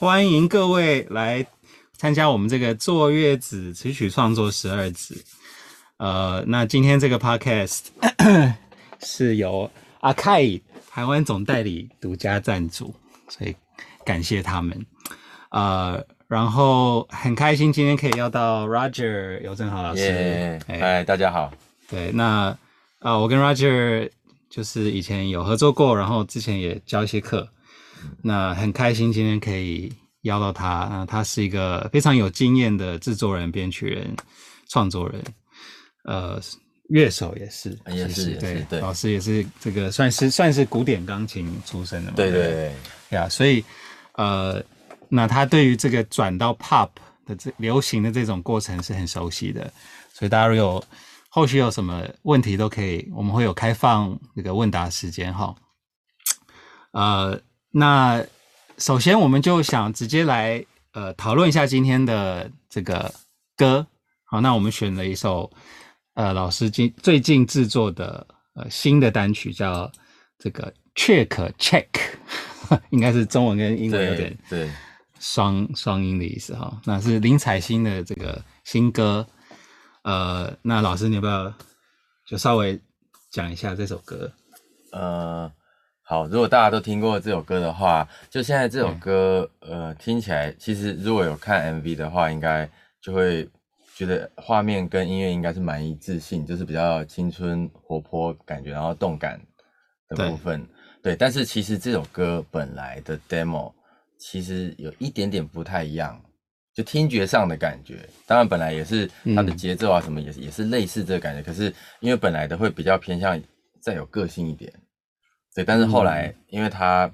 歡迎各位來參加我們這個做樂子詞曲創作十二子。呃，那今天這個 podcast 是由 AKAI 台灣總代理獨家贊助，所以感謝他們。呃，然後很開心今天可以邀到 Roger 游政豪老師。哎，Yeah, hi, Hey, 大家好。對，那啊、呃，我跟 Roger 就是以前有合作過，然後之前也教一些課。那很開心今天可以邀到他，那他是一個非常有經驗的製作人、編曲人、創作人，呃，樂手也是，是是也是，也是對，對老師也是這個算是算是古典鋼琴出身的嘛，對對對呀，Yeah，所以呃，那他對於這個轉到 pop 的這流行的這種過程是很熟悉的，所以大家如果有後續有什麼問題都可以，我們會有開放那個問答時間哈，呃。那首先，我們就想直接來呃討論一下今天的這個歌。好，那我們選了一首呃老師今最近制作的呃新的單曲，叫這個 cheek, check check， 應該是中文跟英文有點雙對，對雙雙音的意思哈，哦。那是林采欣的這個新歌。呃，那老師你要不要就稍微講一下這首歌？呃。好，如果大家都聽過這首歌的話，就現在這首歌，嗯、呃，聽起來其實如果有看 MV 的話，應該就會覺得畫面跟音樂應該是蠻一致性，就是比較青春活潑感覺，然後動感的部分，對，對。但是其實這首歌本來的 demo 其實有一點點不太一樣，就聽覺上的感覺，當然本來也是它的節奏啊什麼也也是類似這個感覺，嗯、可是因為本來的會比較偏向再有個性一點，但是後來，因為他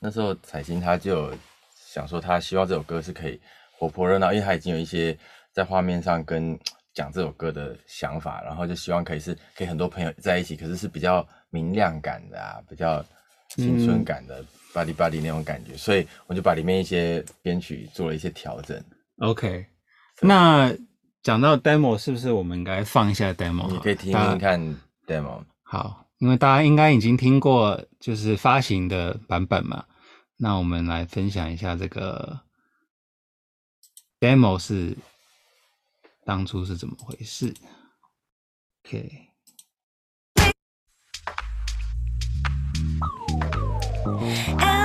那時候彩星他就有想說，他希望這首歌是可以活潑熱鬧，因為她已經有一些在畫面上跟講這首歌的想法，然後就希望可以是，給很多朋友在一起，可是是比較明亮感的啊，比較青春感的，巴里巴里那種感覺，所以我就把裡面一些編曲做了一些調整 okay. 聽聽。OK，那講到 demo 是不是我們應該放一下 demo？你可以聽聽看 demo。好。因為大家應該已經聽過，就是發行的版本嘛，那我們來分享一下這個 demo 是當初是怎麼回事。OK。Oh.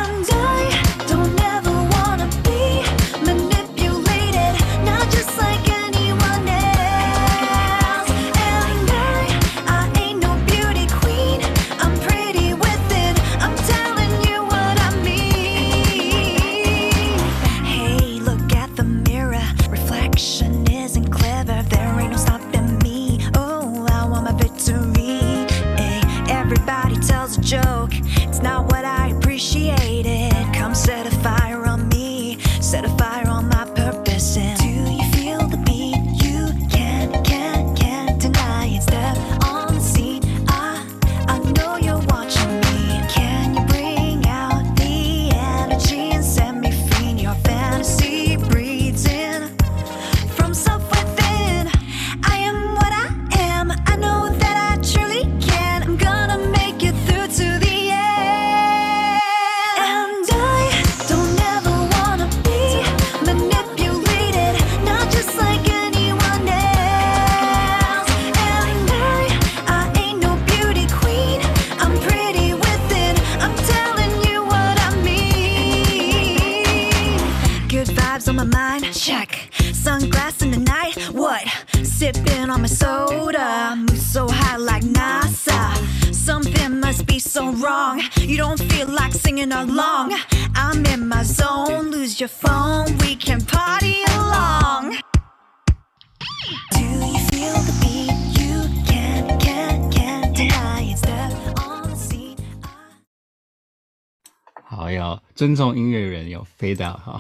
有尊重音樂人，有 fade out。好。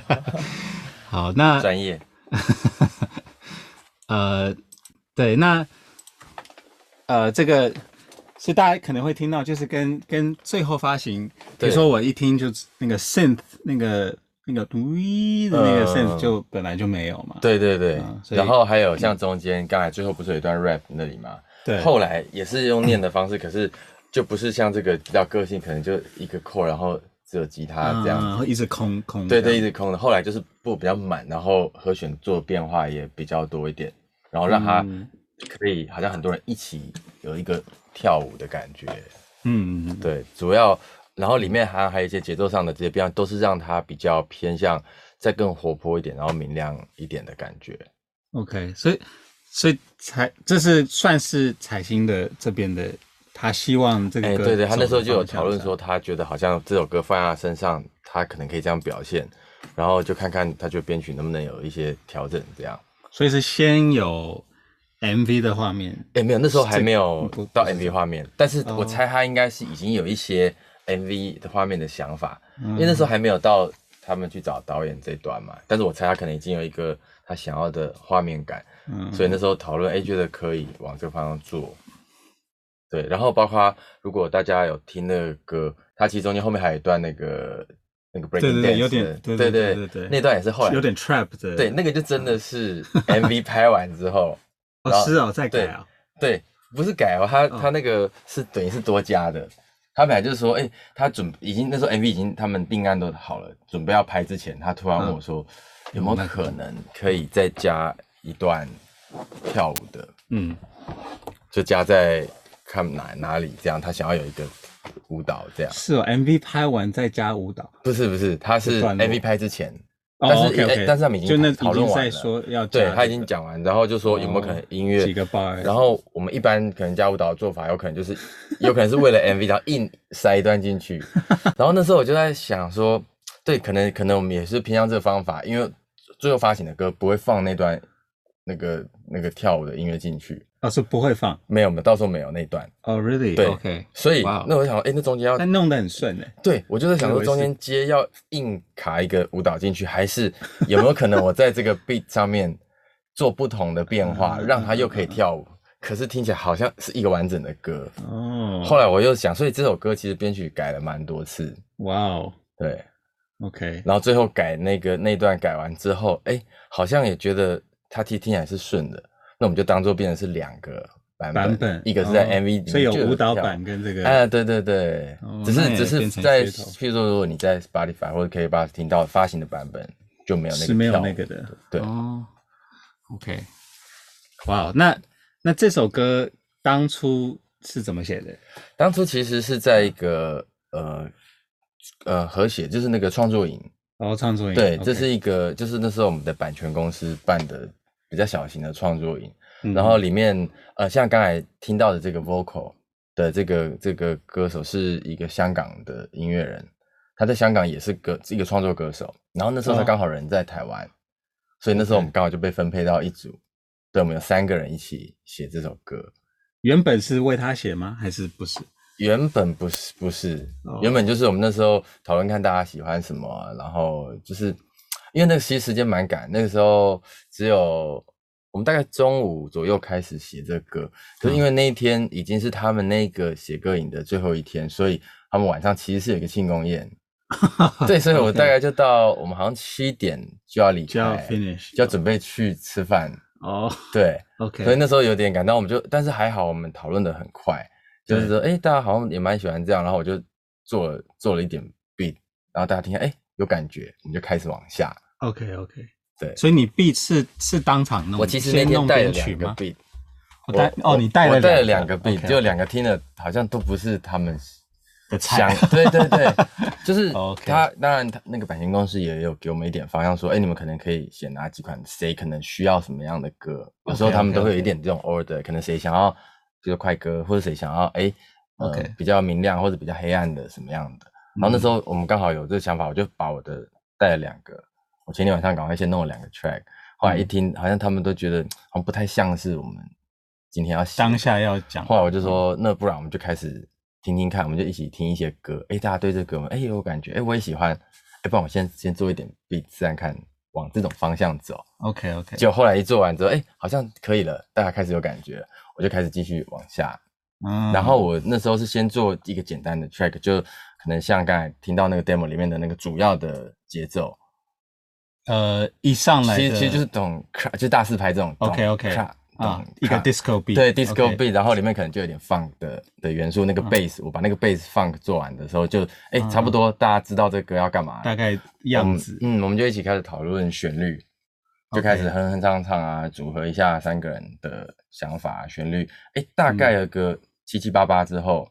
好，那專業。 呃，對，那呃，這個是大家可能會聽到，就是跟跟最後發行，對比如說我一聽就那個 synth 那個那個 V 的那個 synth 就本來就沒有嘛。嗯、對對對。嗯、然後還有像中間、嗯、剛才最後不是有一段 rap 那裡嘛。對，後來也是用念的方式， 可是。就不是像這個比較個性，可能就一個扣，然後只有吉他這樣，啊，然後一直空空。對對，一直空的。後，後來就是不比較滿，然後和弦做變化也比較多一點，然後讓他可以好像很多人一起有一個跳舞的感覺。嗯，對，主要，然後裡面還還有一些節奏上的這些變化，都是讓他比較偏向再更活潑一點，然後明亮一點的感覺。OK，所以所以才，這是算是彩星的這邊的。他希望這個歌，哎，對對，他那時候就有討論說，他覺得好像這首歌放在他身上，他可能可以這樣表現，然後就看看他就編曲能不能有一些調整，這樣。所以是先有 MV 的畫面，哎，沒有，那時候還沒有到 MV 畫面，是這個、是，但是我猜他應該是已經有一些 MV 的畫面的想法，嗯，因為那時候還沒有到他們去找導演這段嘛，但是我猜他可能已經有一個他想要的畫面感，嗯，所以那時候討論，哎，覺得可以往這個方向做。對，然後包括如果大家有聽那個歌，它其實中間後面還有一段那個那個 breaking dance 有點，對對對對對對，對對，那段也是後來有點 trap 的，對，那個就真的是 MV 拍完之後， 後哦是啊、哦，再改啊、哦，對，不是改哦，他他那個是等於、哦、是，是多加的，他本來就是說，哎，他準已經那時候 MV 已經他們定案都好了，準備要拍之前，他突然問我說，嗯、有沒有可能可以再加一段跳舞的，嗯，就加在。他們哪裡、哪裡這樣？他想要有一個舞蹈，這樣。是哦，MV 拍完再加舞蹈，不是不是，他是 MV 拍之前，但是、oh, okay, okay, 但是他們已經討論完了，說要、這個、對他已經講完，然後就說有沒有可能音樂、哦、幾個。然後我們一般可能加舞蹈的做法，有可能就是有可能是為了 MV，然後硬塞一段進去。 然後那時候我就在想說，對，可能可能我們也是偏向這個方法，因為最後發行的歌不會放那段那個那個跳舞的音樂進去。他說不會放，沒有沒有，到時候沒有那段哦。Really？對，所以那我想說，哎，那中間要弄得很順哎。對，我就是在想說，中間接要硬卡一個舞蹈進去，還是有沒有可能我在這個 beat 上面做不同的變化，讓它又可以跳舞，可是聽起來好像是一個完整的歌哦。後來我又想，所以這首歌其實編曲改了蠻多次。哇哦，對，OK，然後最後改那個那段改完之後，哎，好像也覺得它其實聽起來是順的。那我們就當做變成是兩個版本，版本一個是在 MV 裡面，哦，就所以有舞蹈版跟這個。哎、啊，對對對，哦、只是只是在，譬如說，如果你在 Spotify 或者 KKBOX 聽到發行的版本，就沒有那個是沒有那個的，對。哦，OK，哇、wow，那那這首歌當初是怎麼寫的？當初其實是在一個呃呃合寫，就是那個創作營。然後創作營對，okay. 這是一個，就是那時候我們的版權公司辦的。比較小型的創作營，嗯、然後裡面呃，像剛才聽到的這個 vocal 的這個這個歌手是一個香港的音樂人，他在香港也是個一個創作歌手，然後那時候他剛好人在台灣，哦、所以那時候我們剛好就被分配到一組，Okay. 對我們有三個人一起寫這首歌，原本是為他寫嗎？還是不是？原本不是，不是，哦、原本就是我們那時候討論看大家喜歡什麼、啊，然後就是。因為那個寫時間蠻趕，那個時候只有我們大概中午左右開始寫這個歌，可是因為那一天已經是他們那個寫歌營的最後一天，所以他們晚上其實是有一個慶功宴。 對，所以我大概就到我們好像七點就要離開， 就要準備去吃飯。哦， 對，OK。所以那時候有點趕，到我們就，但是還好我們討論的很快，就是說，說，哎對、欸，大家好像也蠻喜歡這樣，然後我就做了做了一點 beat，然後大家聽哎、欸、有感覺，我們就開始往下。OK OK，對，所以你 beat 是是當場弄？我其實邊弄邊取的我帶哦，你帶了？我帶了兩個 beat，就兩個聽了，好像都不是他們的菜。對對對，就是他當然他那個版權公司也有給我們一點方向，說哎，你們可能可以選哪幾款，誰可能需要什麼樣的歌。有時候他們都會有一點這種 order，可能誰想要這個快歌，或者誰想要哎，呃，比較明亮或者比較黑暗的什麼樣的。然後那時候我們剛好有這個想法，我就把我的帶了兩個。我前天晚上趕快先弄了兩個 track，後來一聽、嗯、好像他們都覺得好像不太像是我們今天要當下要講。後來我就說，那不然我們就開始聽聽看，我們就一起聽一些歌。哎、欸，大家對這個歌，誒、欸、有感覺，哎、欸，我也喜歡。哎、欸，不然我先先做一點 beat，試看看往這種方向走。OK OK。就後來一做完之後，哎、欸，好像可以了，大家開始有感覺，我就開始繼續往下。嗯，然後我那時候是先做一個簡單的 track，就可能像剛才聽到那個 demo 裡面的那個主要的節奏。呃，一上來其實其實就是懂，就大四拍這種，OK OK，一個 Disco beat，對 Disco beat，然後裡面可能就有點 Funk 的的元素，那個 Bass，我把那個 Bass Funk 做完的時候，就哎差不多，大家知道這個歌要幹嘛，大概樣子，嗯，我們就一起開始討論旋律，就開始哼哼唱唱啊，組合一下三個人的想法旋律，哎，大概有個七七八八之後，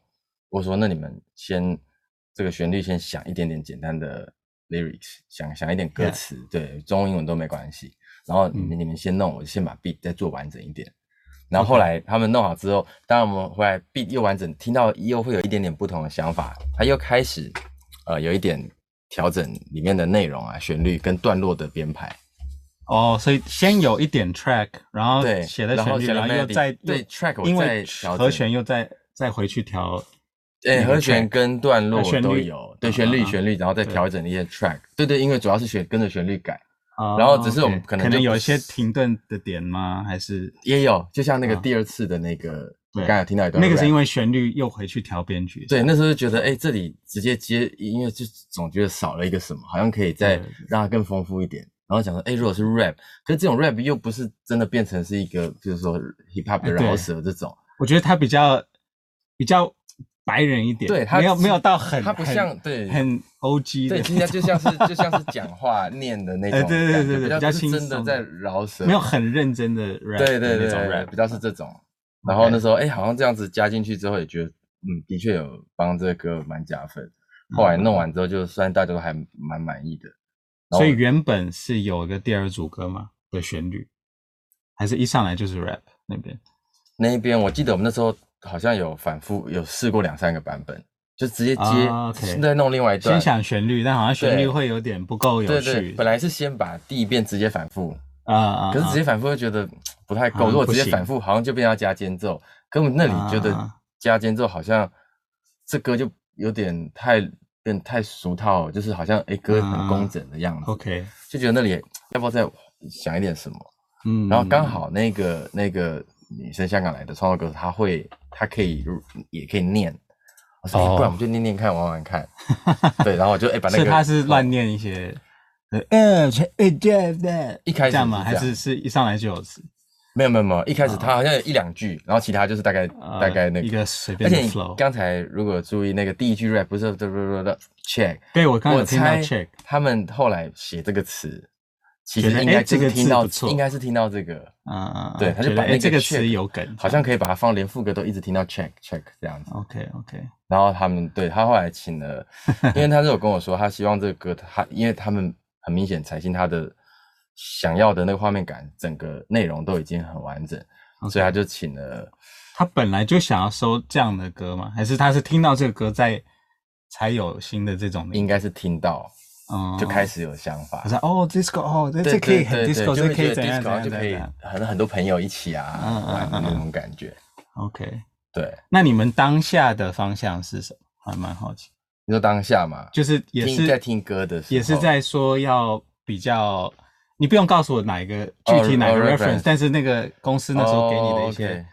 我說那你們先這個旋律先想一點點簡單的。Lyrics，想想一點歌詞，Yeah. 對，中英文都沒關係。然後你們、嗯、你們先弄，我先把 beat 再做完整一點。然後後來他們弄好之後，Okay. 當然我們回來 beat 又完整，聽到又會有一點點不同的想法，他又開始呃有一點調整裡面的內容啊，旋律跟段落的編排。哦，oh, 所以先有一點 track，然後寫的時候寫完又再又對 track，再因為和弦又再再回去調。哎，和弦跟段落都有，啊、旋對旋律、旋律，然後再調整一些 track，、嗯啊、對，對對，因為主要是旋跟着旋律改，哦、然後只是我們可能可能有一些停頓的點嗎？還是也有，就像那個第二次的那個，你、啊、剛，剛有聽到一段 rap，那個是因為旋律又回去調編曲，對，那時候就覺得哎，這裡直接接音樂就總覺得少了一個什麼，好像可以再讓它更豐富一點，然後想說哎，如果是 rap，可是這種 rap 又不是真的變成是一個，就是說 hip hop 的饒舌這種、哎，我覺得它比較。比較白人一點，對，他沒有沒有到很，他不像對很 OG，對，今天就像是就像是講話念的那種，對對對對，比較輕鬆的在饒舌，沒有很認真的 rap，對對對，rap 比較是這種。然後那時候，哎，好像這樣子加進去之後，也覺得嗯，的確有幫這個歌蠻加分。後來弄完之後，就算大家都還蠻滿意的。所以原本是有一個第二主歌嗎？有旋律，還是一上來就是 rap 那邊？那一邊，我記得我們那時候。好像有反覆，有試過兩三個版本，就直接接，現、uh, okay. 在弄另外一段。先想旋律，但好像旋律會有點不夠有趣。對，對對，本來是先把第一遍直接反覆，啊啊，可是直接反覆會覺得不太夠。Uh, 如果直接反覆，好像就變成要加間奏。可、嗯、我那裡覺得加間奏好像這歌就有點太變太俗套，就是好像哎歌很工整的樣子。Uh, OK，就覺得那裡要不要再想一點什麼？嗯，然後剛好那個那個。女生香港來的創作歌手，她會，她可以，也可以念。我說，不然我們就念念看，玩玩看。對，然後我就哎把那個，所以他是亂念一些。嗯，check it that。一開始這樣嗎？還是是一上來就有詞？沒有沒有沒有，一開始她好像有一兩句，然後其他就是大概大概那個一個隨便的 flow。而且你剛才如果注意那個第一句 rap 不是說說的 check。對，我我猜他們後來寫這個詞。其實應該這個聽到錯，應該是聽到這個，啊、嗯，對，嗯、他就把那個 check,、這個、詞有梗，好像可以把它放連副歌都一直聽到 check check 這樣子。OK OK，然後他們對他後來請了，因為他是有跟我說 他希望這個歌，他因為他們很明顯採信他的想要的那個畫面感，整個內容都已經很完整，Okay. 所以他就請了。他本來就想要收這樣的歌嗎？還是他是聽到這個歌才才有新的這種？應該是聽到。就開始有想法，我說哦，disco 哦，這可以，disco，這可以怎樣？然後就可以和很多朋友一起啊玩的那種感覺。OK，對。那你們當下的方向是什麼？還蠻好奇。你說當下嘛，就是也是在聽歌的時候，也是在說要比較。你不用告訴我哪一個具體哪個 reference，但是那個公司那時候給你的一些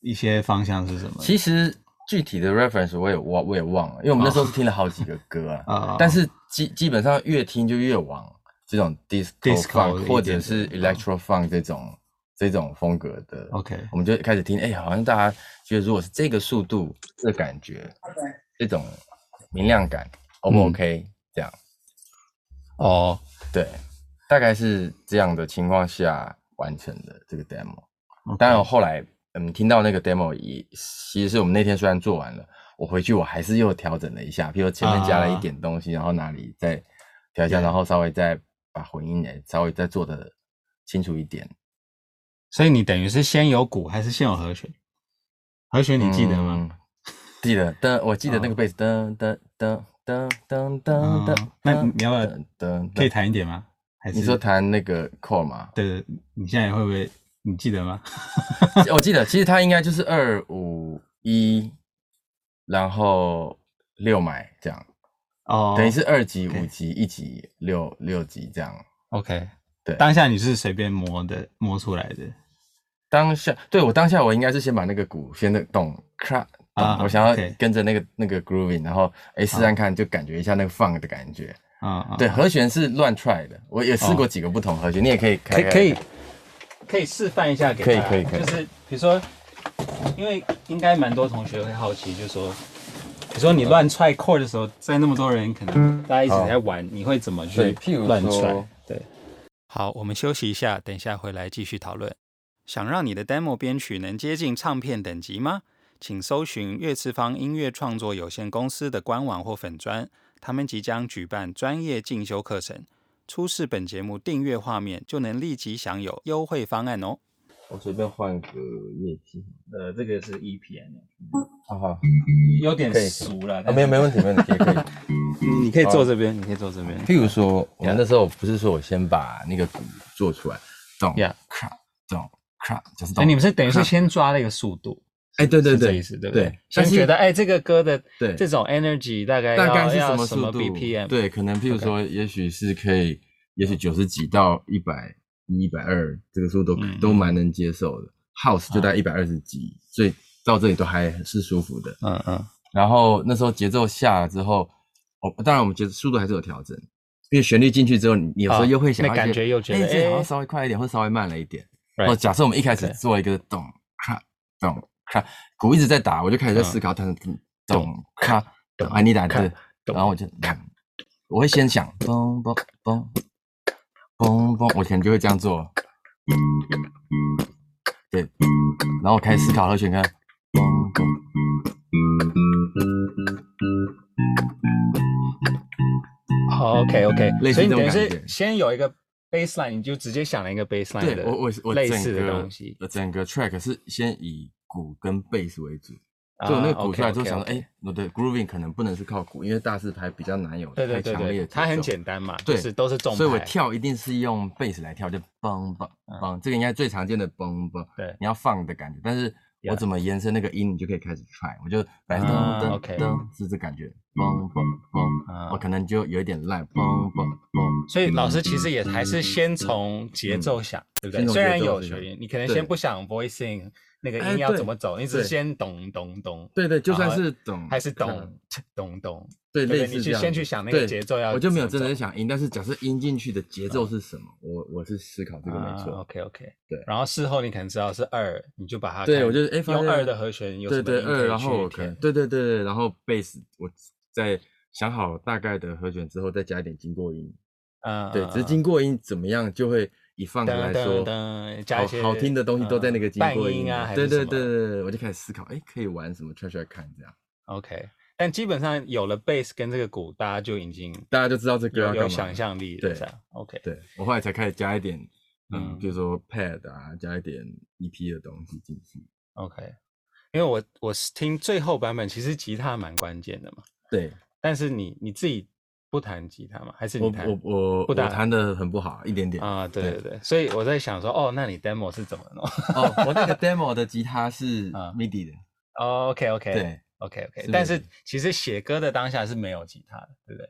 一些方向是什麼？其實。具體的 reference 我也我我也忘了，因為我們那時候是聽了好幾個歌啊，但是基基本上越聽就越往這種 disco 或者是 electro funk 這種這種風格的。OK，我們就開始聽，哎，好像大家覺得如果是這個速度，這個感覺，這種明亮感，O 不 OK？這樣，哦，對，大概是這樣的情況下完成的這個 demo，但後來。你、嗯、聽到那個 demo 一，其實我們那天雖然做完了，我回去我還是又調整了一下，比如前面加了一點東西，啊啊啊啊然後哪裡再調一下，對然後稍微再把混音也稍微再做得清楚一點。所以你等於是先有鼓還是先有和弦？和弦你記得嗎？嗯、記得，但我記得那個貝斯、哦，噔噔噔噔噔噔噔。那你要不要等可以彈一點嗎？還是你說彈那個 core 嗎？對對，你現在會不會？你記得嗎？ 我記得，其實它應該就是二五一，然後六買這樣，oh, 等於是二級五 okay. 級一級六六級這樣。OK，對，當下你是隨便摸的摸出來的，當下對我當下我應該是先把那個鼓先弄懂，啊，oh, okay. 我想要跟着那個那個 grooving，然後哎，試、欸、看看、oh. 就感覺一下那個 funk 的感覺，啊，oh. 對，和弦是亂 try 的，我也試過幾個不同和弦，oh. 你也可以開開開、oh. 可以。可以示範一下給他，可以可以可以，就是比如說，因為應該蠻多同學會好奇，就說，比如說你亂踹 chord 的時候，在那麼多人，可能大家一直在玩，好你會怎麼去？亂踹，對。對好，我們休息一下，等,下回,對下,等下回來繼續討論。想讓你的 demo 編曲能接近唱片等級嗎？請搜尋樂次方音樂創作有限公司的官網或粉專，他們即將舉辦專業進修課程。出示本節目訂閱畫面，就能立即享有優惠方案哦。我隨便換個樂器。呃，這個是 E P M。好好，有點俗了。啊，沒有，沒問題，沒問題，可以，可以。你可以坐這邊，你可以坐這邊。譬如說，你看那時候不是說我先把那個鼓做出來，咚，咚，就是。欸你們是等於是先抓那個速度。哎，對對對，對對，是覺得哎，這個歌的對這種 energy 大概大概是什麼速度？對，可能譬如說，也許是可以，也許九十幾到一百一百二這個速度都蠻能接受的。House 就在一百二十幾，所以到這裡都還是舒服的。嗯嗯。然後那時候節奏下了之後，哦，當然我們覺得速度還是有調整，因為旋律進去之後，你有時候又會想那感覺又覺得好像稍微快一點，或稍微慢了一點。哦，假設我們一開始做一個咚，咚。鼓一直在打，我就開始在思考，等，懂，等懂，你打字，然後我就看，我會先想，嘣嘣嘣嘣嘣，我可能就會這樣做，對，然後我開始思考和選歌。Oh, OK OK，所以你等於是先有一個 bassline，你就直接想了一個 bassline 的，我我我類似的東西，整個，整個 track 是先以，鼓跟貝斯為主，就我那個鼓出來之後，想說，哎，對，grooving 可能不能是靠鼓，因為大四拍比較難有對，太強烈的節奏。它很簡單嘛，對，都是重拍，所以我跳一定是用貝斯來跳，就嘣嘣嘣，這個應該最常見的嘣嘣。對，你要放的感覺，但是我怎麼延伸那個音，你就可以開始 try，我就來噔噔噔，是這感覺，嘣嘣嘣，我可能就有一點賴，嘣嘣嘣。所以老師其實也還是先從節奏想，對不對？雖然有學員，你可能先不想 voicing。那個音要怎麼走？你是先咚咚咚，對對，就算是咚還是咚咚咚，對對，你去先去想那個節奏要。我就沒有真的想音，但是假設音進去的節奏是什麼，我我是思考這個沒錯。OK OK，對。然後事後你可能知道是二，你就把它。對，我就用二的和弦有。什麼二，然後對對對對，然後貝斯，我在想好大概的和弦之後，再加一點經過音。啊。對，只是經過音怎麼樣就會。以放歌來說，好聽的東西都在那個伴、嗯、音啊，對對對，還是什麼？對對對，我就開始思考，哎、欸，可以玩什麼？try try 看這樣。OK，但基本上有了 bass 跟這個鼓，大家就已經大家就知道這歌、啊、有有想象力了這樣，對，OK 對。對，我後來才開始加一點，嗯，嗯比如說 pad 啊，加一點 EP 的東西進去。OK，因為我我是聽最後版本，其實吉他蠻關鍵的嘛。對，但是你你自己。不彈吉他嗎？還是你彈？我我不，我彈的很不好，一點點啊。對對對，所以我在想說，哦，那你 demo 是怎麼弄？哦，我那個 demo 的吉他是 MIDI 的。OK OK，對 OK OK，但是其實寫歌的當下是沒有吉他的，對不對？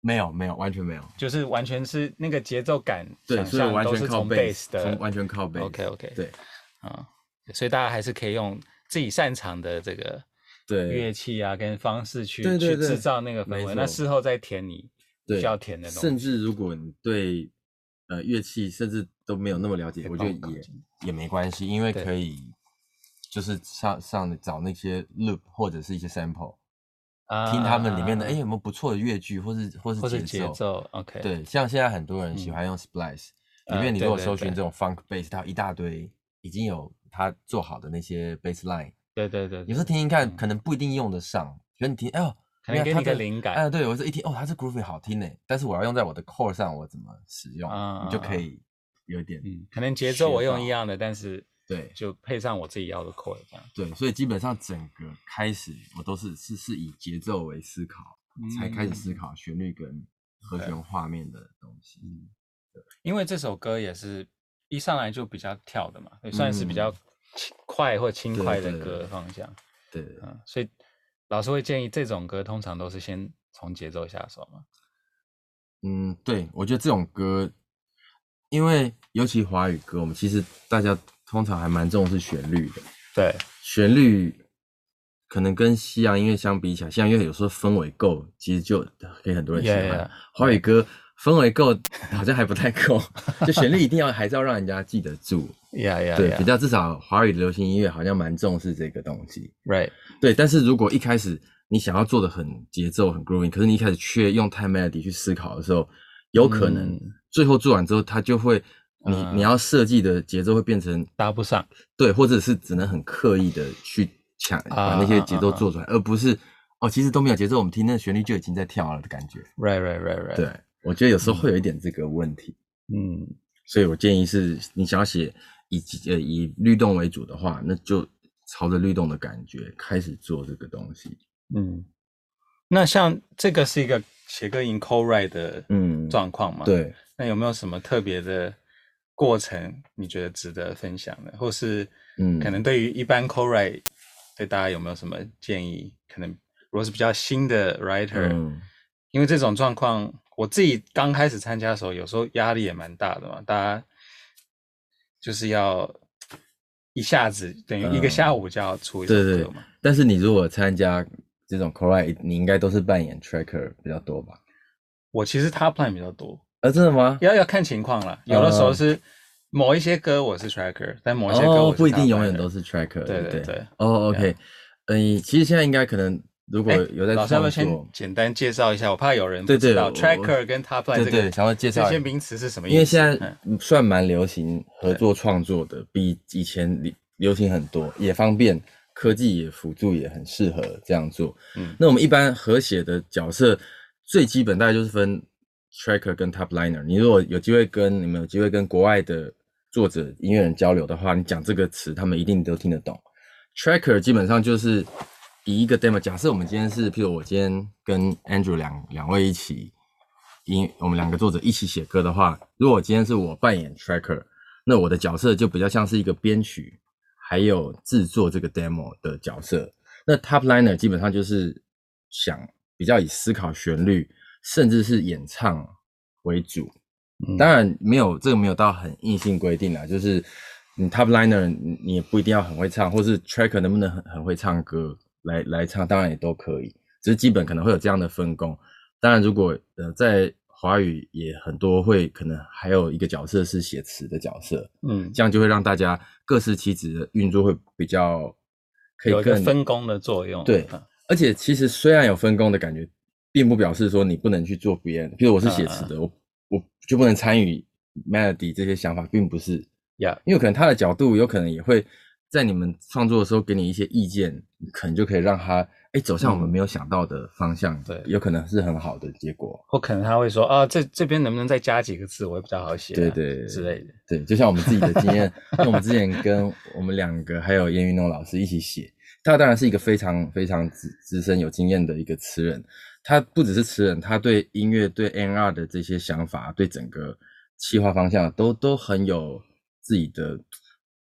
沒有沒有，完全沒有，就是完全是那個節奏感，對，所以完全靠貝斯的，完全靠貝斯。OK OK，對啊，所以大家還是可以用自己擅長的這個。樂器啊，跟方式去去制造那個氛圍，那事後再填你需要填的東西。甚至如果你對呃樂器甚至都沒有那麼了解，我覺得也也沒關係，因為可以就是上上找那些 loop 或者是一些 sample，聽他們裡面的，哎有沒有不錯的樂句，或是或是節奏。OK，對，像現在很多人喜歡用 Splice，裡面你給我搜尋這種 funk bass，它有一大堆已經有他做好的那些 baseline。對對對，對，有時候聽聽看，嗯、可能不一定用得上。給你聽，哎呦，可能給你個靈感。啊、對，我是一聽，哦，它是 groovy 好聽呢。但是我要用在我的 chord 上，我怎麼使用，啊啊啊啊你就可以有點、嗯，校可能節奏我用一樣的，但是對，就配上我自己要的 chord 這樣對。對，所以基本上整個開始我都是是是以節奏為思考，嗯嗯，才開始思考旋律跟和弦畫面的東西。嗯、對因為這首歌也是一上來就比較跳的嘛，也算是比較、嗯。輕快或輕快的歌的方向，對，對，對，對，嗯，所以老師會建議這種歌通常都是先從節奏下手嘛。嗯，對，我覺得這種歌，因為尤其華語歌，我們其實大家通常還蠻重視旋律的。對，旋律可能跟西洋音樂相比起來，西洋音樂有時候氛圍夠，其實就給很多人喜歡。華 Yeah, yeah. 語歌。氛圍夠，好像還不太夠。就旋律一定要， 還是要讓人家記得住。Yeah, yeah, yeah. 對，比較至少華語流行音樂好像蠻重視這個東西。Right. 對。但是如果一開始你想要做的很節奏很 groovy，可是你一開始卻用 time melody 去思考的時候，有可能最後做完之後，它就會、嗯、你你要設計的節奏會變成、嗯、搭不上。對，或者是只能很刻意的去搶把那些節奏做出來，uh, uh, uh, uh, uh. 而不是哦其實都沒有節奏，我們聽那旋律就已經在跳了的感覺。Right, right, right, right. 對。我覺得有時候會有一點這個問題，嗯，所以我建議是你想要寫以呃以律動為主的話，那就朝着律動的感覺開始做這個東西，嗯，那像這個是一個寫歌 in co write 的嗯狀況嗎？對，那有沒有什麼特別的過程？你覺得值得分享的，或是嗯可能對於一般 co write、嗯、對大家有沒有什麼建議？可能如果是比較新的 writer，嗯，因為這種狀況。我自己剛開始參加的時候，有時候壓力也蠻大的嘛。大家就是要一下子等於一個下午就要出一首歌嘛，嗯、對對嘛。但是你如果參加這種 c o l 你應該都是扮演 tracker 比較多吧？我其實 top liner 比較多。呃、啊，真的嗎？要要看情況啦。有的時候是某一些歌我是 tracker，嗯、但某一些歌我、哦、不一定永遠都是 tracker。對，對對對。對哦，OK，嗯，其實現在應該可能。如果有在老師要不要先簡單介紹一下，我怕有人不知道對 tracker 我跟 topliner 對這個，我想要介紹這些名詞是什麼意思？因為現在算蠻流行合作創作的，對比以前流流行很多，也方便，科技也輔助，也很適合這樣做。嗯，那我們一般合寫的角色最基本大概就是分 tracker 跟 topliner。你如果有機會跟你們有機會跟國外的作者、音樂人交流的話，你講這個詞，他們一定都聽得懂。tracker 基本上就是。以一個 demo，假設我們今天是，譬如我今天跟 Andrew 兩兩位一起，因我們兩個作者一起寫歌的話，如果今天是我扮演 tracker，那我的角色就比較像是一個編曲，還有製作這個 demo 的角色。那 top liner 基本上就是想比較以思考旋律，甚至是演唱為主。當然沒有這個沒有到很硬性規定啦，就是你 top liner 你也不一定要很會唱，或是 tracker 能不能很很會唱歌。來來唱當然也都可以，只是基本可能會有這樣的分工。當然，如果呃在華語也很多會可能還有一個角色是寫詞的角色，嗯，這樣就會讓大家各司其職的運作會比較可以有一個分工的作用。對，嗯、而且其實雖然有分工的感覺，並不表示說你不能去做別人，比如我是寫詞的，嗯、我我就不能參與 melody 這些想法，並不是呀，嗯、因為可能他的角度有可能也會。在你們創作的時候，給你一些意見，可能就可以讓他誒、欸、走向我們沒有想到的方向，嗯、對，有可能是很好的結果。或可能他會說啊，這這邊能不能再加幾個字，我也比較好寫、啊，對對之類的。對，就像我們自己的經驗，那 我們之前跟我們兩個還有嚴云農老師一起寫，他當然是一個非常非常資資深有經驗的一個詞人，他不只是詞人，他對音樂、對 NR 的這些想法，對整個企劃方向都都很有自己的。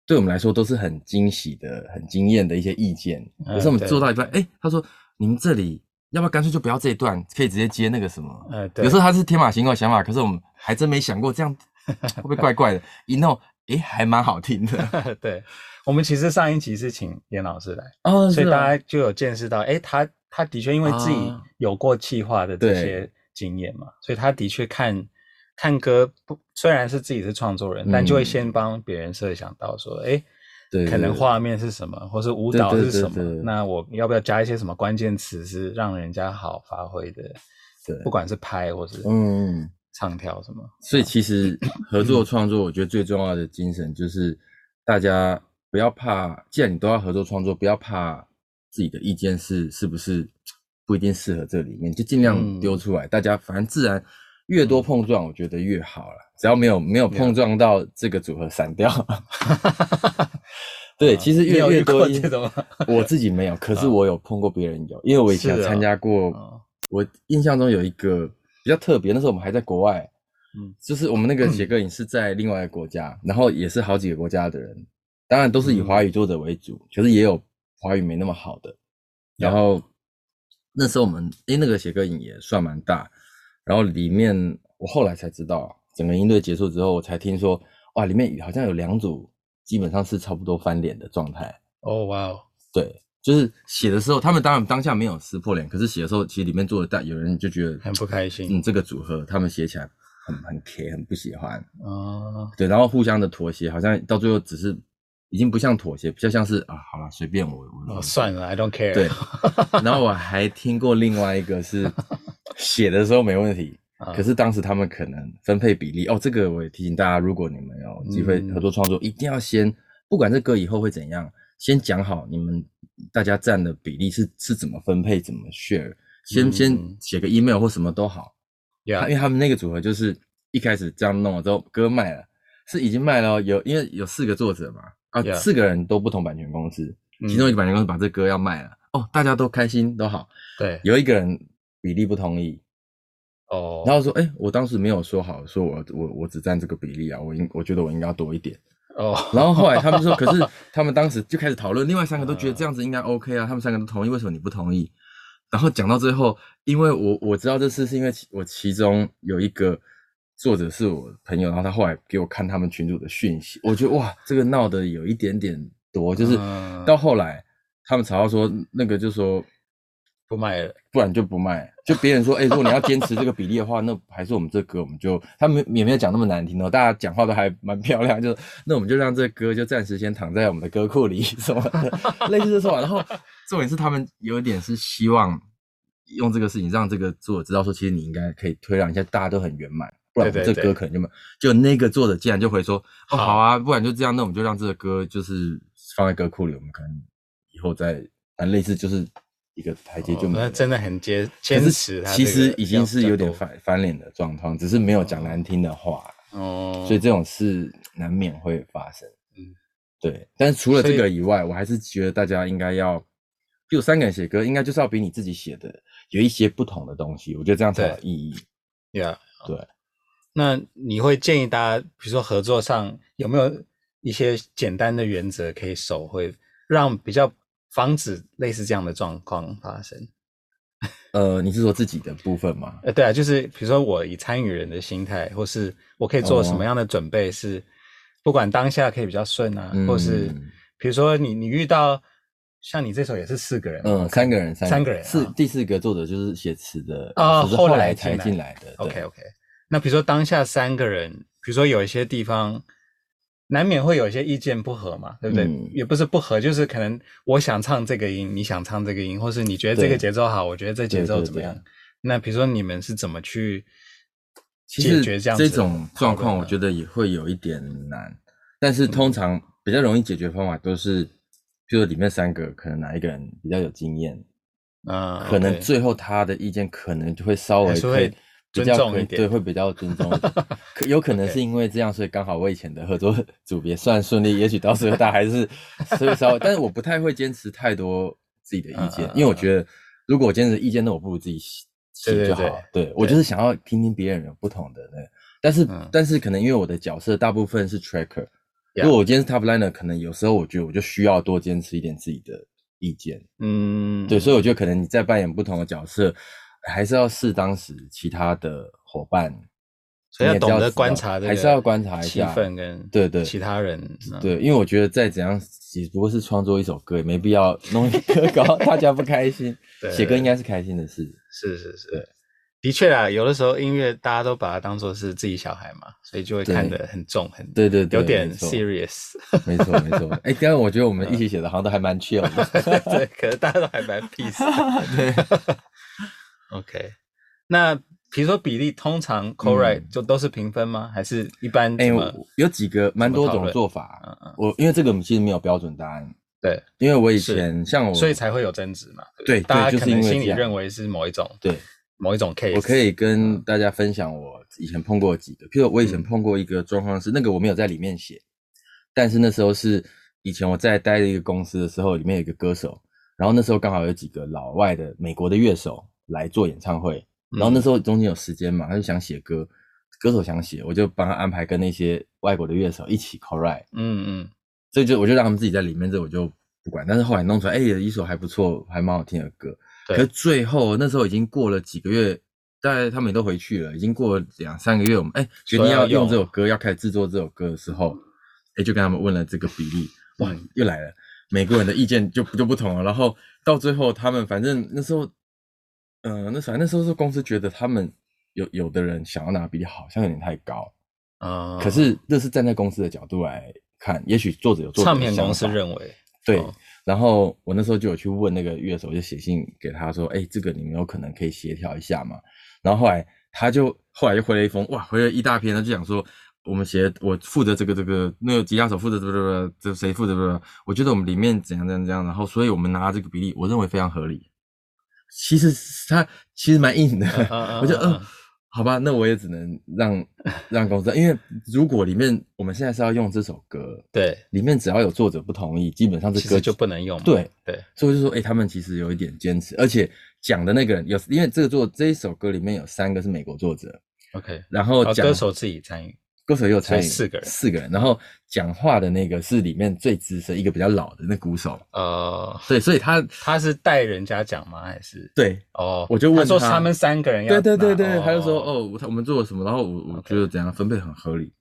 對我們來說都是很驚喜的、很驚豔的一些意見。嗯、有時候我們做到一半，哎對、欸，他說：“你們這裡要不要乾脆就不要這一段，可以直接接那個什麼？”呃、嗯，對。有時候他是天馬行空的想法，可是我們還真沒想過，這樣會不會怪怪的。一弄，哎，還蠻好聽的。 對，我們其實上一集是請嚴老師來，哦、所以大家就有見識到，哎、欸，他他的確因為自己有過企劃的這些經驗嘛，啊、所以他的確看。看歌不，雖然是自己是創作人，但就會先幫別人設想到說，哎，對，可能畫面是什麼，或是舞蹈是什麼，對對對對，那我要不要加一些什麼關鍵詞，是讓人家好發揮的？對，不管是拍或是嗯唱跳什麼，所以其實合作創作，我覺得最重要的精神就是大家不要怕，既然你都要合作創作，不要怕自己的意見是是不是不一定適合這裡面，就儘量丟出來，嗯、大家反正自然。越多碰撞，我覺得越好了。只要沒有沒有碰撞到這個組合散掉。哈哈哈，對，其實越越、越多，我自己沒有，可是我有碰過別人有。因為我以前參加過，我印象中有一個比較特別，那時候我們還在國外，嗯，就是我們那個寫歌營是在另外一個國家，然後也是好幾個國家的人，當然都是以華語作者為主，其實也有華語沒那麼好的。然後那時候我們、欸，為那個寫歌營也算蠻大。然後裡面，我後來才知道，整個營隊結束之後，我才聽說，哇、啊，裡面好像有兩組，基本上是差不多翻臉的狀態。哦，哇哦，對，就是寫的時候，他們當然當下沒有撕破臉，可是寫的時候，其實裡面做的但有人就覺得很不開心。嗯，這個組合他們寫起來很很甜，很不喜歡。哦，oh. 對，然後互相的妥協，好像到最後只是已經不像妥協，比較像是啊，好了，隨便我。我，我、oh, 我算了，I don't care。對。然後我還聽過另外一個是。 寫的時候沒問題，嗯、可是當時他們可能分配比例、嗯、哦。這個我也提醒大家，如果你們有機會合作創作，嗯、一定要先，不管這歌以後會怎樣，先講好你們大家占的比例是是怎麼分配、怎麼 share。嗯、先先寫個 email 或什麼都好。對、嗯、因為他們那個組合就是一開始這樣弄了之後，歌賣了，是已經賣了、哦。有因為有四個作者嘛，啊，嗯、四個人都不同版權公司，其中一個版權公司把這歌要賣了，嗯、哦，大家都開心都好。對，有一個人。比例不同意哦，oh. 然後說：“哎、欸，我當時沒有說好，說我我我只佔這個比例啊，我應我覺得我應該要多一點哦。” oh. 然後後來他們說：“可是他們當時就開始討論， 另外三個都覺得這樣子應該 OK 啊，uh. 他們三個都同意，為什麼你不同意？”然後講到最後，因為我我知道這事是因為我其中有一個作者是我朋友，然後他後來給我看他們群組的訊息，我覺得哇，這個鬧得有一點點多，就是到後來、uh. 他們吵到說那個就說。不賣了，不然就不賣。就別人說，哎、欸，如果你要堅持這個比例的話， 那還是我們這個歌，我們就他們也沒有講那麼難聽哦。大家講話都還蠻漂亮，就那我們就讓這個歌就暫時先躺在我們的歌庫裡什麼的， 類似這種。然後重點是他們有點是希望用這個事情讓這個作者知道說，其實你應該可以推讓一下，大家都很圓滿，不然這個歌可能就沒，對對對，就那個作者竟然就回說，好哦，好啊，不然就這樣，那我們就讓這個歌就是放在歌庫裡，我們可能以後再啊，類似就是。一個台階就沒了。哦，那真的很堅堅持他。這個，其實已經是有點翻翻臉的狀況，嗯、只是沒有講難聽的話哦，嗯、所以這種事難免會發生。嗯、對。但是除了這個以外，以我還是覺得大家應該要，就三個人寫歌，應該就是要比你自己寫的有一些不同的東西，我覺得這樣才有意義。對呀，對。那你會建議大家，比如說合作上有沒有一些簡單的原則可以守會讓比較？防止類似這樣的狀況發生。呃，你是說自己的部分嗎？呃，對啊，就是比如說我以參與人的心態，或是我可以做什麼樣的準備，是不管當下可以比較順啊，嗯、或是比如說你你遇到像你這首也是四個人，嗯，啊、三個人，三,三個人、啊，四第四個作者就是寫詞的啊，後來才進來的、啊。OK OK，那比如說當下三個人，比如說有一些地方。難免會有一些意見不合嘛，對不對？嗯，也不是不合，就是可能我想唱這個音，你想唱這個音，或是你覺得這個節奏好，對，我覺得這節奏怎麼樣？對對對對，那比如說你們是怎麼去解決這樣子的這種狀況？我覺得也會有一點難，但是通常比較容易解決的方法都是，就是裡面三個可能哪一個人比較有經驗，啊，可能最後他的意見可能就會稍微會，啊。Okay 比較重一點，對，會比較尊重，可有可能是因為這樣，所以剛好我以前的合作組別算順利，也許到時候大家還是稍微，但我不太會堅持太多自己的意見，因為我覺得如果我堅持意見，那我不如自己寫就好。對，我就是想要聽聽別人有不同的，但是但是可能因為我的角色大部分是 tracker，如果我今天是 top liner，可能有時候我覺得我就需要多堅持一點自己的意見，嗯，對，所以我覺得可能你在扮演不同的角色。還是要試當時，其他的夥伴，所以要懂得觀察，還是要觀察氣氛跟對對其他人對，因為我覺得再怎樣，只不過是創作一首歌，也沒必要弄一個搞大家不開心。寫歌應該是開心的事，是是是，的確啊，有的時候音樂大家都把它當做是自己小孩嘛，所以就會看得很重很對對，有點 serious，沒錯沒錯。哎，剛剛我覺得我們一起寫的，好像都還蠻 chill 的。對，可是大家都還蠻 peace，對。OK，那比如說比例通常 c o r r i t 就都是平分嗎？還是一般？哎，有幾個蠻多種做法。嗯嗯，我因為這個其實沒有標準答案。對，因為我以前像我，所以才會有爭執嘛。對，大家就是因為心裡認為是某一種，對某一種 case。我可以跟大家分享我以前碰過幾個，就如我以前碰過一個狀況是那個我沒有在裡面寫，但是那時候是以前我在待一個公司的時候，裡面有一個歌手，然後那時候剛好有幾個老外的美國的樂手。來做演唱會，然後那時候中間有時間嘛，嗯、他就想寫歌，歌手想寫，我就幫他安排跟那些外國的樂手一起 co-write 嗯嗯，所以就我就讓他們自己在裡面，這個、我就不管。但是後來弄出來，哎、欸，有一首還不錯，還蠻好聽的歌。對可是最後那時候已經過了幾個月，大概他們也都回去了，已經過了兩三個月，我們哎、欸、決定要用這首歌，要,要開始制作這首歌的時候，哎、欸、就跟他們問了這個比例，哇，又來了，每個人的意見就就不同了。 然後到最後他們反正那時候。嗯，那反正那時候是公司覺得他們有有的人想要拿比例好像有點太高啊，可是那是站在公司的角度來看，也許作者有作品，唱片公司認為對，然後我那時候就有去問那個樂手，就寫信給他說，哎，這個你們有可能可以協調一下嘛？然後後來他就後來就回了一封，哇，回了一大篇，他就講說，我們寫我負責這個這個，那個吉他手負責這個這個，這誰負責這個，我覺得我們裡面怎樣怎樣怎樣，然後所以我們拿這個比例，我認為非常合理。其實他其實蠻硬的，我就，嗯，好吧，那我也只能讓讓公司，因為如果裡面我們現在是要用這首歌，對，裡面只要有作者不同意，基本上這歌就不能用。對對，對所以我就說，哎、欸，他們其實有一點堅持，而且講的那個人有，因為這個作這一首歌裡面有三個是美國作者，OK，然後歌手自己參與。歌手又有參與，四個人，四個人。然後講話的那個是裡面最資深、一個比較老的那鼓手。呃，對，所以他他是帶人家講嗎？還是對哦，我就問他說他們三個人要對對對對，他就說哦，我我們做了什麼？然後我我覺得怎樣分配很合理，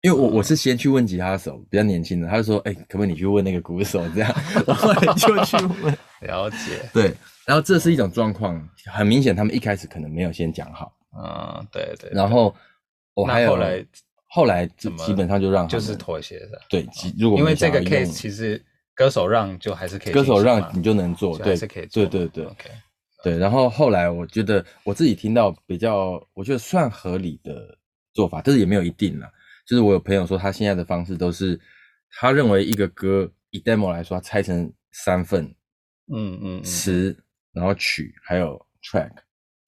因為我我是先去問吉他手比較年輕的，他就說哎，可不可以你去問那個鼓手這樣？然後就去問了解。對，然後這是一種狀況，很明顯他們一開始可能沒有先講好。嗯，對對。然後我還有來。後來，基本上就讓就是妥協的。對，如果因為這個 case，其實歌手讓就還是可以。歌手讓你就能做，對，是可以做。對，對對對，OK。對，然後後來我覺得我自己聽到比較，我覺得算合理的做法，但是也沒有一定了。就是我有朋友說，他現在的方式都是，他認為一個歌以 demo 來說，拆成三份，嗯嗯，詞、嗯，然後曲，還有 track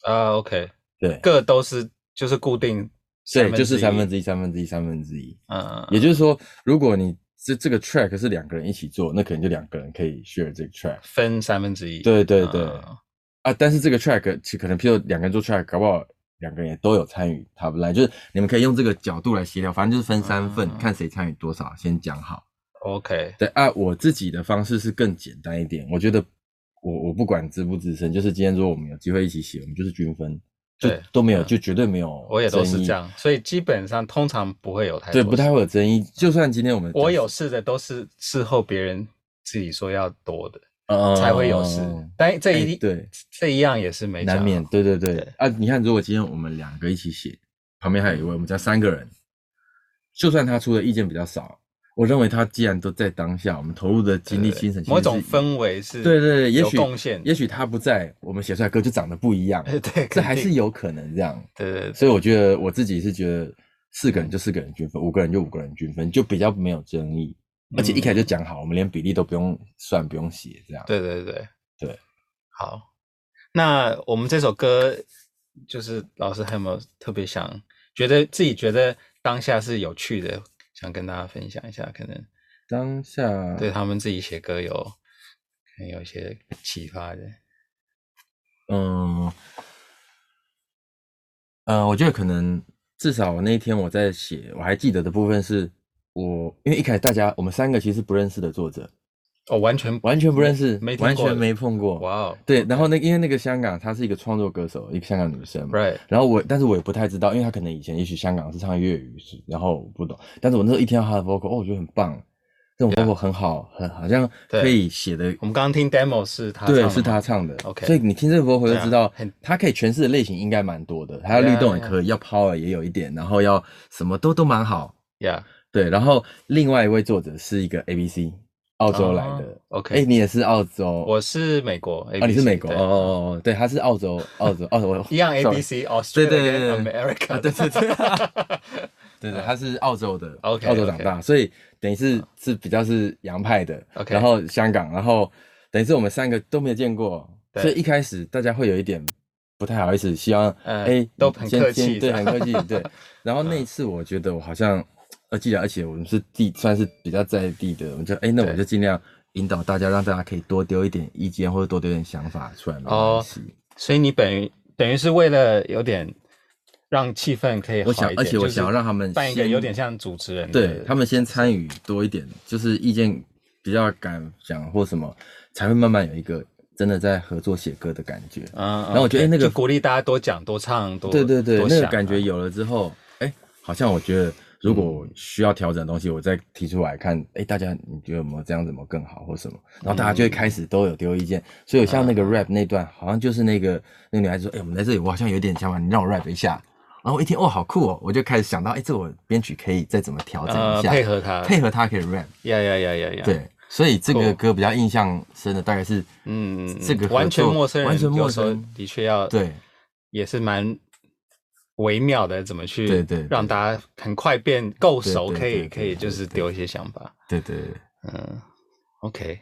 啊。啊，OK。對，各都是就是固定。對，就是三分，三分之一，三分之一，三分之一。嗯，也就是說，如果你這這個 track 是兩個人一起做，那可能就兩個人可以 share 這個 track，分三分之一。對對對。嗯、啊，但是這個 track 可能，譬如兩個人做 track，搞不好兩個人也都有參與，top line，就是你們可以用這個角度來協調，反正就是分三份，嗯、看誰參與多少，先講好。OK 對。對啊，我自己的方式是更簡單一點，我覺得我我不管資不資深，就是今天如果我們有機會一起寫，我們就是均分。對就都沒有，嗯、就絕對沒有，我也都是這樣，所以基本上通常不會有太多。對，不太會有爭議。就算今天我們、就是、我有事的，都是事後別人自己說要多的，嗯、才會有事。但這一、欸、對這一樣也是沒難免。對對對，對啊，你看，如果今天我們兩個一起寫，旁邊還有一位，我們叫三個人，就算他出的意見比較少。我認為他既然都在當下，我們投入的精力、精神對對對、某一種氛圍是有貢獻，對，對對，也許也許他不在，我們寫出來的歌就長得不一樣，對對，這還是有可能這樣。對對，對對，所以我覺得我自己是覺得四個人就四個人均分，五個人就五個人均分，就比較沒有爭議，嗯、而且一開始就講好，我們連比例都不用算，不用寫，這樣。對對對對，對，好，那我們這首歌就是老師還有沒有特別想，覺得自己覺得當下是有趣的。想跟大家分享一下，可能當下對他們自己寫歌有可能有一些啟發的。嗯，嗯，呃，我覺得可能至少我那一天我在寫，我還記得的部分是我，因為一開始大家，我們三個其實不認識的作者。哦，完全完全不認識，完全沒碰過。哇哦，對，然後那因為那個香港，她是一個創作歌手，一個香港女生。然後我，但是我也不太知道，因為她可能以前也許香港是唱粵語，然後不懂。但是我那時候一聽她的 vocal，哦，我覺得很棒，這種 vocal 很好，很好像可以寫的。我們剛剛聽 demo 是她對，是她唱的。OK。所以你聽這個 vocal 就知道，她可以詮釋的類型應該蠻多的。她要律動也可以，要 power 也有一點，然後要什麼都都蠻好。Yeah。對，然後另外一位作者是一個 A B C。澳洲來的，OK，哎，你也是澳洲？我是美國，哦，你是美國？哦，對，他是澳洲，澳洲，澳洲一樣，ABC，Australia，對對對，America，對對對，對對，他是澳洲的，OK，澳洲長大，所以等於是是比較是洋派的，OK，然後香港，然後等於是我們三個都沒有見過，所以一開始大家會有一點不太好意思，希望哎，都很客氣，對，很客氣，對。然後那一次，我覺得我好像。而且，而且我們是地算是比較在地的，我們就哎、欸，那我就盡量引導大家，讓大家可以多丟一點意見或者多丟點想法出來嘛。哦，所以你本、嗯、等於等於是為了有點讓氣氛可以好一點，我想，而且我想要讓他們扮演一個有點像主持人，對他們先參與多一點，就是意見比較敢講或什麼，才會慢慢有一個真的在合作寫歌的感覺啊。嗯、然後我覺得那個就鼓勵大家多講多唱多，對對對，啊、那個感覺有了之後，哎、欸，好像我覺得。如果需要調整的東西，嗯、我再提出來看。哎、欸，大家你覺得有沒有這樣怎麼更好或什麼？嗯、然後大家就會開始都有丟意見。所以我像那個 rap 那段，嗯、好像就是那個那個女孩子說：“哎、欸，我們在這裡，我好像有點想法，你讓我 rap 一下。”然後我一聽，哦，好酷哦、喔，我就開始想到，哎、欸，這個、我編曲可以再怎麼調整一下、呃，配合他，配合他可以 rap。呀呀呀呀呀！對，所以這個歌比較印象深的，嗯、大概是嗯，這個完全陌生人，完全陌生人，的確要對，也是蠻。微妙的，怎麼去讓大家很快變夠熟，可以可以就是丟一些想法。對對，對，對，嗯，嗯，OK。